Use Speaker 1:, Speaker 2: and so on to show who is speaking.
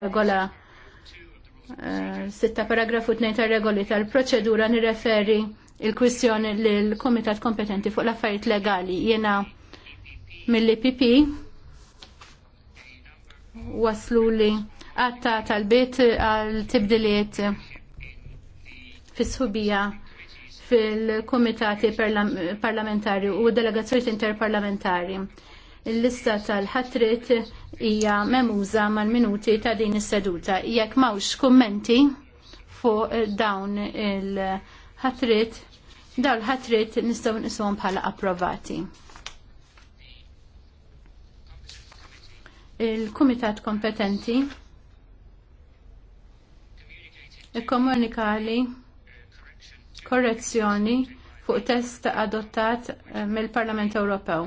Speaker 1: regola eh, sitta paragrafu 2 tar regoli tal-proċedura nirreferi il-kwistjoni l-Komitat kompetenti fuq l-affarijiet legali jena mill-IPP waslu li għatta tal-bit għal-tibdiliet fis-subija fil-komitati parlamentari u delegazzjoni interparlamentari. Il-lista tal-ħatrit hija memuża mal-minuti ta' din is-seduta. Jekk m'hawnx kummenti fuq dawn il-ħatrit, dawn il-ħatrit nistgħu nisuhom bħala approvati. Il-kumitat kompetenti ikkomunikali korrezzjoni fuq test adottat mill-Parlament Ewropew.